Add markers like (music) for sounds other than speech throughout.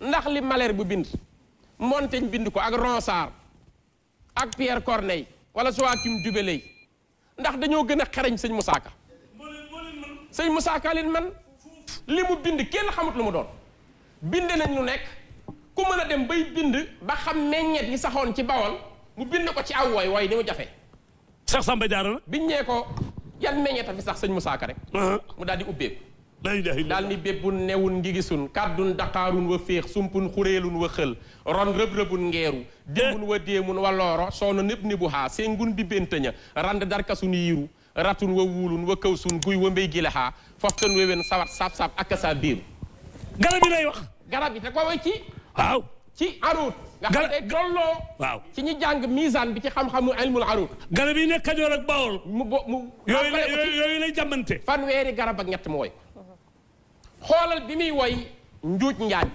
ndax li bu bind Montaigne bind ko ak Ronsard ak Pierre Corneille wala Joachim du Bellay ndax dañoo gën a xereñ sëñ Moussa sëñ Moussa Ka leen man li mu bind kenn xamut lu mu doon bind nañ lu nekk ku mën a dem bay bind ba xam meññeet yi saxoon ci bawol mu bind ko ci aw wooy wooy ni mu jafe Cheikh Samba Diarra biñ ñee ko yan meññeet a fi sax sëñ Moussa Ka rek uh-huh. mu daal di ubbeeku daal ni béppun newun ngigisun kàddun daqaarun wa féex sumpun xureelun wa xël ron rëb-rëbun ngeeru démbun wa déemun wa looro soono népp ni bu haa sengun bi béntaña rand darkasun yiiru ratun wa wuulun wa kawsun guy wa mbéy gila haa foftan wewen sawat sab-sab ak sa biiru garab yi lay wax garab yi te ko way ci waaw ci aruut nga xam ne dolloo waaw ci ñu jàng misaan bi ci xam-xamu ilmul aruut garab yi nekk Kajoor ak Bawol mu yooyu lay jàmmante fanweeri garab ak ñett mooy xoolal bi muy woy njuuj njaaj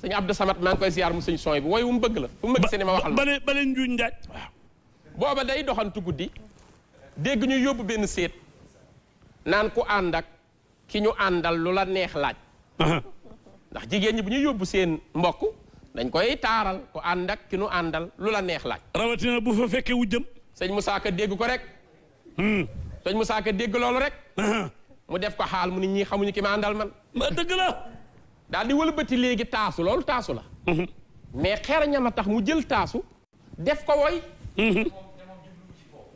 sëñ Abdou Samad maa ngi koy ziar mu sëñ sooy bi woy wu mu bëgg la fu mu bëgg seen ma waxal bale bale njuuj njaaj booba day doxantu guddi dégg ñu yóbbu benn séet naan ku ànd ak ki ñu àndal lu la neex laaj ndax jigéen ñi bu ñuy yóbbu seen mbokk dañ koy taaral ku ànd ak ki ñu àndal lu la neex laaj rawatina bu fa fekkee wu jëm sëñ Moussa dégg ko rek hmm. sëñ Moussa dégg loolu rek mu def ko xaal mu ni ñii xamuñu ki ma àndal man. ma dëgg la. daal di wëlbati léegi taasu loolu taasu la. Mhm. mais xeerañam a tax mu jël taasu. def ko woy. Mhm.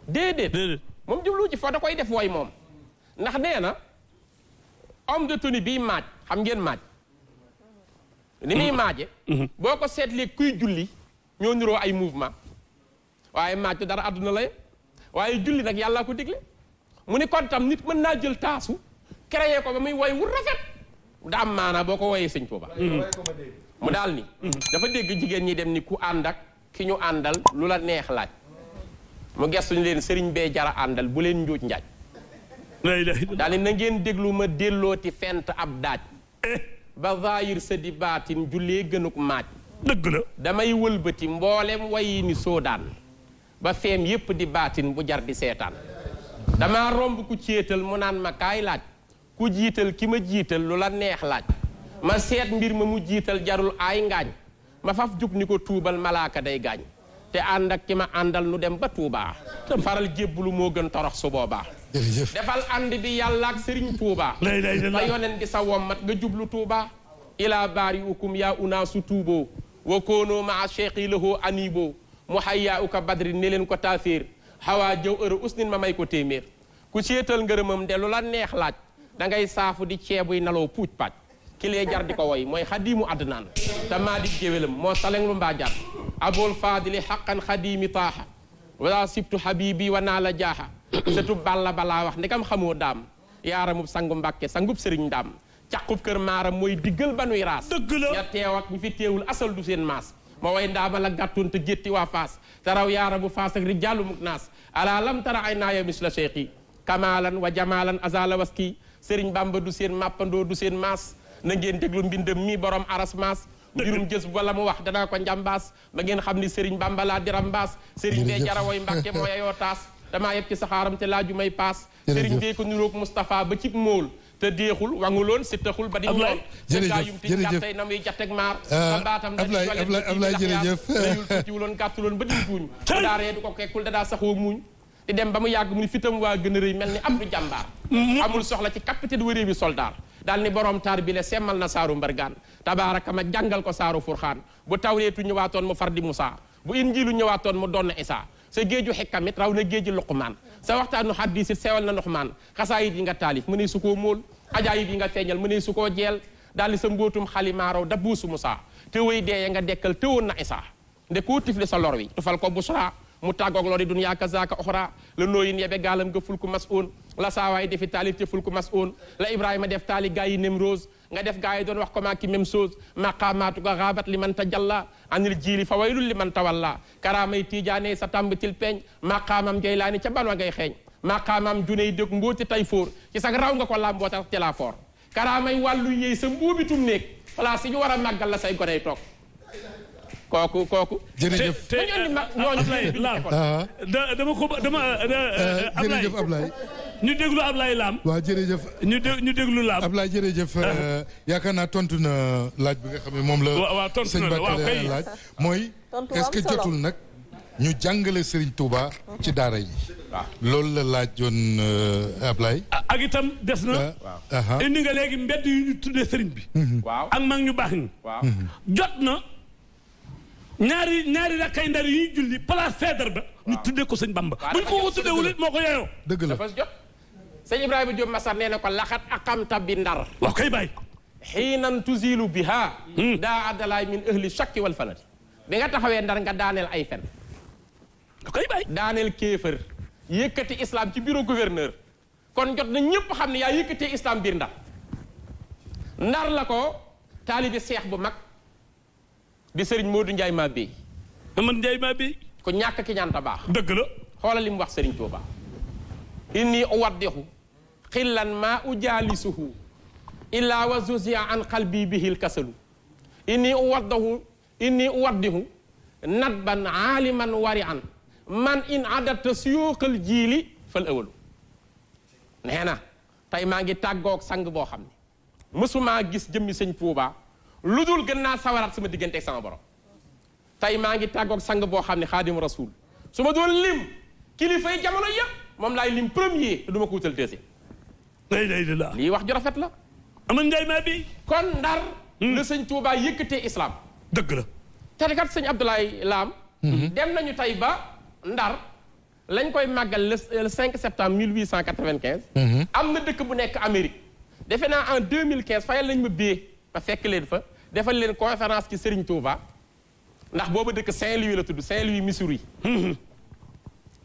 déedéet moom jublu ci foo da koy def woy moom. ndax nee na homme de tenue bii maaj xam ngeen maaj. ni muy mhm. maaje. boo ko seetlee kuy julli ñoo niroo ay mouvement waaye maaj dara àdduna la waaye julli nag yàllaa ko digle. mu ni kon tam nit mën naa jël taasu créé ko ba muy woy wu rafet da am maanaa boo ko woyee sëñ Tuuba mm-hmm. mu daal ni mm-hmm. dafa dégg jigéen ñi dem ni ku ànd ak ki àndal lu la neex mu gestuñu leen sëriñ jara àndal bu leen njuuj njaaj daal ni ngeen déglu ma dellooti fent ab daaj eh. ba zaayir sa di baatin jullee gënuk dëgg la damay wëlbati mboolem wayi ni soodaan ba feem yépp di baatin bu jar di seetaan dama romb ku céetal mu naan ma kaay laaj ku jiital ki ma jiital lu la neex laaj ma seet mbir ma mu jiital jarul ay ngaañ ma faf jub ni ko tuubal malaaka day gaañ te ànd ak ki ma àndal lu dem ba Touba te faral jébbalu moo gën torox su boobaa defal ànd bi yàlla sëriñ Touba ba yonen bi sa wommat nga jublu Touba ilaa baari ukum yaa unaasu tuuboo wa koonoo maa cheikh yi lahoo aniiboo mu hayyaa uka badri ne leen ko taaféer xawaa jëw ëru usnin ma may ko téeméer ku séetal ngërëmam de lu la neex laaj da ngay saafu di ceebuy naloo puuj paaj ki lee jar di ko woy mooy xadiimu adnaan te maa di moo saleng lu mbaa jar abool faadili xaqan xadiimi taaxa wala sibtu habibi wa naa la jaaxa satub balla balaa wax ndekam xamoo daam yaaramub sangu mbàkke sangub sëriñ daam caqub kër maaram mooy diggal ba nuy raas dëgg la ya teew ak ñu fi teewul asal du seen maas ma way ndaama la gàttun te gétti waa faas te raw yaara bu faas ak rijaalu muk naas ala lam tara ay naaya mis la cheikh yi kamaalan wa jamaalan azala waski sëriñ bamba du seen màppandoo du seen maas na ngeen déglu mbindam mi borom aras maas mbirum jës wala mu wax danaa ko njàmbaas ba ngeen xam ne sëriñ bamba laa diram mbaas sëriñ bee jarawooy mbàkke mooy ayoo taas damaa yëpp ci saxaaram te laaju may paas sëriñ bee ko niroog moustapha ba cib móol te deexul wanguloon si taxul ba di ñoom sëgaa yum ti jàttay na muy jateg maar a mbaatam daabla jërëjëf réyul tuutiwuloon gàttuloon ba di tuuñ bu daa ree du ko kekkul dadaa saxoo dem ba mu yàgg mu ni fitam waa gën a rëy mel ni am du jàmbaar mm-hmm. amul soxla ci capitaine wëree bi soldaar daal ni borom taar bi le semmal na saaru mbargaan tabaaraka ma jàngal ko saaru furxaan bu tawreetu ñëwaatoon mu far di Musaa bu injiilu ñëwaatoon mu doon na Isaa sa géeju xekkamit raw na géeji Luqmaan sa waxtaanu xaddiis it sewal na ndoxmaan xasaayit yi nga taalif mënee su ko móol ajaayib yi nga feeñal mënee su ko jeel daal di sa mbootum xalimaaraw da buusu musaa te way deeye nga dekkal tewoon na isaa nde koo tifle sa lor wi tufal ko busra mu tàggoog lor yi dun yaaka zaaka oxra la nooyin yebe gaalam nga fulku mas oon la saawaay defi taalif ca fulku mas oon la ibrahima def taali gaa yi nemrose nga def gaa yi doon wax ko maa ki même chose maqaamaatuka xaabat li man tajalla anil jiili fa waylul li man tawalla karaamay tiijaane sa tàmbatil peeñ maqaamam jaylaani ca ban wa ngay xeeñ maqaamam juney dëkk mbóoti tay fóor ci sax raw nga ko làmboo tax ci laa karaamay wàllu yéy sa mbóobitum néeg place yi ñu war a màggal la say goney toog kooku kooku. jërëjëf te te Ablaye ah. dama ko eh, ñu déglu Ablaye Lam. waaw jërëjëf. ñu dé ñu déglu Lam. Ablaye jërëjëf (laughs) euh, yaakaar naa tontu na laaj bi nga xam ne moom la. waaw waaw tontu laaj mooy. est-ce que jotul nag ñu jàngale sëriñ Touba. ci daara yi. loolu la laaj laajoon euh, Ablaye. ak itam des na. waaw euh, uh-huh. indi nga léegi mbedd yu tuddee Serigne bi. Mm-hmm. waaw ak mag ñu baax ñi. Mm-hmm. jot na. ñaari ñaari rakkay ndar yi ñuy julli place Faidherbe ba. ñu tuddee ko sëñ Bamba. buñ ko ko tuddee wulit moo ko yeyoo. dëgg la sëñ Ibrahima Diop Masar nee na ko laxat aqamta bi ndar. waaw kay bay. xiinan tuzilu biha. Hmm. daa adalaay min ahli shakki wal bi nga taxawee ndar nga daaneel ay fen. kay bay daaneel kéefër. yëkkati islam ci biiru gouverneur. kon jot na ñëpp xam ne yaa yëkkatee islam biir ndar. ndar la ko taalibi seex bu mag. di sëriñ Modou Ndiaye maa béy. man Ndiaye ñàkk ki ñaanta baax. dëgg la. xoolal li mu wax Serigne Touba. inni uwaddihu xillan maa ujalisuhu illaa wa zuziya an qalbi bihil kasalu inni uwaddahu inni uwaddihu nadban aaliman wari an man in adatta siyuuqal jiili fal awalu nee na tey maa ngi tàggoog sang boo xam ne mësumaa gis jëmmi sëñ Tuubaa lu dul gën naa sawaraat sama digganteeg sama borom tey maa ngi tàggoog sang boo xam ne xaadimu rasul su ma doon lim kilifay jamono yëpp moom laay lim premier te du ma ko wutal day lii wax ju rafet la aman njaay maa bi kon ndar hmm. la sëñ Touba yëkkatee islaam dëkk la te kat sëñ Abdoulaye laam hmm. dem nañu tey ba ndar lañ koy maggal le 5 euh, septembre 1895 hmm. am na dëkk bu nekk Amérique defe naa en 2015 fayal lañ ma bee ba fekk leen fa defal leen conférence ci Serigne Touba ndax booba dëkk Saint-Louis la tudd Saint-Louis Missouri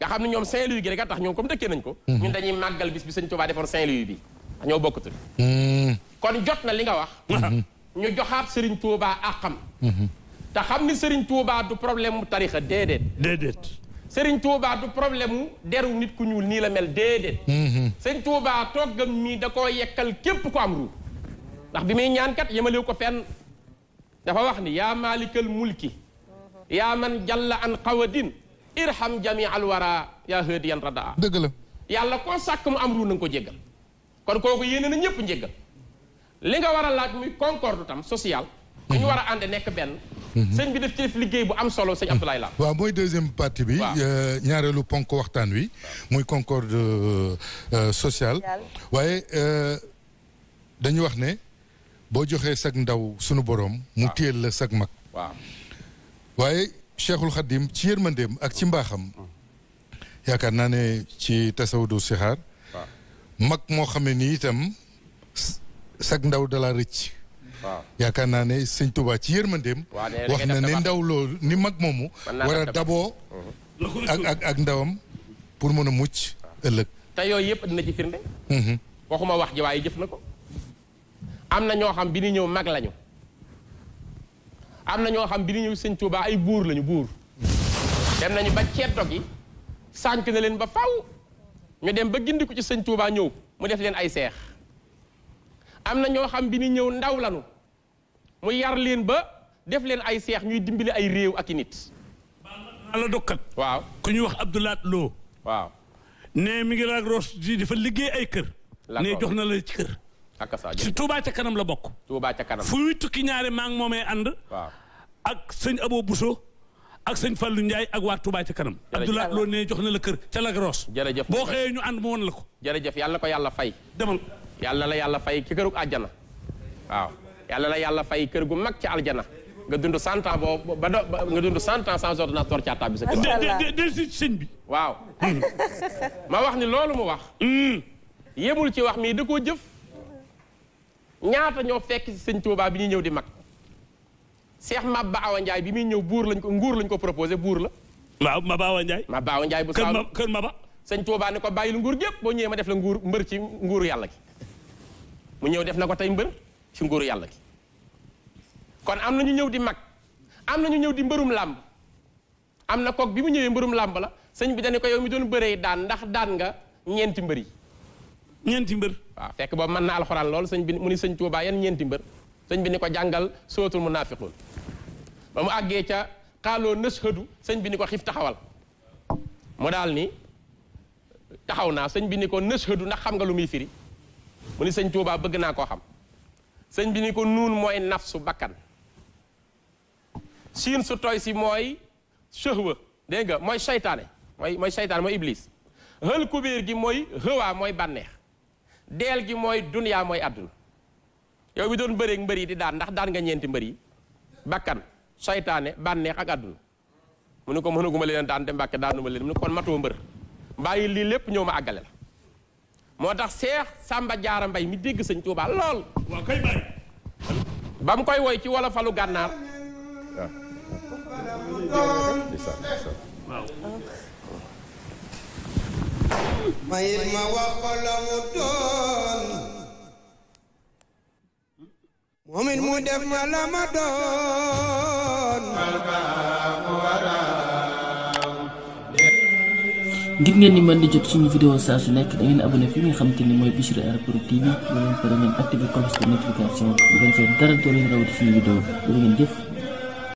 nga xam ne ñoom Saint-Louis gi rek a tax ñoom comme dëkkee nañ ko mhm. ñun dañuy màggal bis bi sëñ Tuubaa defoon Saint-Louis bi ndax ñoo bokkatul mhm. kon jot na li nga wax mhm. ñu joxaat sëriñ Tuubaa àqam te xam ni sëriñ Tuubaa du problème mu tarixa déedéet déedéet sëriñ Tuubaa du problème mu deru nit ku ñuul nii la mel déedéet sëriñ Tuubaa toggam mii da koo yekkal képp ko am ruu ndax bi muy ñaan kat yemalewu ko fenn dafa wax ni yaa maalikal mulki yaa man jalla an xawadin irham jami alwara yaa hëdi yan radaa dëgg la yàlla koo sàkk mu am ru na nga ko jéggal kon kooku yéene na ñëpp njéggal li nga war a laaj muy concorde tam social bu mhm. ñu war a ànd nekk benn mhm. sëñ bi def ci liggéey bu am solo sëñ Abdoulaye Lam waaw mooy deuxième partie bi euh, ñaareelu ponk waxtaan wi muy concorde euh, euh, sociale waaye dañu wax ne boo joxee sag ndaw sunu boroom mu téyel la sag mag waaye cheikhul xadim ci yërmandeem ak ci mbaaxam yaakaar naa ne ci tasawudu sixaar mag moo xam ne nii itam sag ndaw dala rëcc yaakaar naa ne sëñ Tuubaa ci yërmandeem wax na ne ndaw loolu ni mag moomu war a daboo uh-huh. ak ak ndawam pour mën a mucc ëllëg te yooyu yëpp dina ci firnde uh-huh. waxuma wax ji waaye jëf na ko am na ñoo xam bi ni ñëw mag lañu am na ñoo xam bi ñu ñëw sëñ Touba ay buur lañu buur dem nañu ba ceddo gi sànq na leen ba faw ñu dem ba gindiku ci sëñ tuubaa ñëw mu def leen ay seex am na ñoo xam bi ñëw ndaw lañu mu yar leen ba def leen ay seex ñuy dimbali ay réew ak i nit. la dokkat waaw ñuy wax Abdoulaat Lo waaw ne mi ngi raag roos di dafa liggéey ay kër. ne jox na la ci kër. ci Touba ca kanam la bokk. Touba ca kanam fu ñuy tukki ñaari maa moomee ànd. waaw ak sëñ Abo Bousso ak sëñ Fallou Ndiaye ak waa Touba ca kanam. jërëjëf Abdoulaye Lo ne jox na la kër ca Lagros. boo xëyee ñu ànd mu woon la ko. jërëjëf yàlla ko yàlla fay. demal yàlla la yàlla fay ci kërug àjjana. waaw yàlla la yàlla fay kër gu mag ci aljana nga dund cent ans boo ba nga dund cent ans sans ordonnance door caataa bi sa kër. de de si sëñ bi. waaw. ma wax ni loolu mu wax. Hmm. yemul ci wax mii da koo jëf. ñaata ñoo fekk si sëñ Touba bi ñuy ñëw di mag. Cheikh Maba Awa Ndiaye bi muy ñëw buur lañ ko nguur lañ ko proposé buur la. waaw Maba Awa Ndiaye. Maba Awa Ndiaye bu Saalum kër Maba. sëñ Touba ne ko bàyyil nguur gépp boo ñëwee ma def la nguur mbër ci nguuru yàlla gi ñëw def na ko tey mbër ci nguuru yàlla gi kon am na ñu ñëw di mag am na ñu ñëw di mbërum làmb am na kook bi mu ñëwee mbërum làmb la sëñ bi dañ ko yow mi doon bëree daan ndax daan nga ñeenti mbër yi. ñeenti mbër. waaw fekk boobu mën na alxuraan lool sëñ bi mu ni sëñ Touba yan ñeenti mbër. sëñ bi ni ko jàngal sootul munaafiquun ba mu àggee ca xaaloo nashadu sëñ bi ni ko xiif taxawal mu daal ni taxaw naa sëñ bi ni ko nashadu ndax xam nga lu muy firi mu ni sëñ Tuubaa bëgg naa koo xam sëñ bi ni ko nuun mooy su bakkan siin su tooy si mooy shahwa dégg mooy seytaane mooy mooy seytaane mooy iblis hël kubéer gi mooy hëwaa mooy bànneex deel gi mooy duniyaa mooy àdduna yow bi doon bëreeg mbër yi di daan ndax daan nga ñeenti mbër yi bakkan soytaane bànneex ak àdduna mu ne ko mënaguma leen daan te mbàkke daanuma leen mu ne kon matoo mbër bàyyi lii lépp ñëw ma àggale la moo tax seex sàmba jaara mbay mi dégg sëñ tuubaa lool ba mu koy woy ci wala falu gànnaar mayit ma wax la mu doon momin mu def ma la ma doon ngir ngeen ni mën di jot suñu vidéo saa su nekk da ngeen abonné fi nga xam te ni mooy Bichri Art Prod TV ngeen pare ngeen activé cloche de notification bu ko defee dara doo rawati suñu vidéo jërë ngeen jëf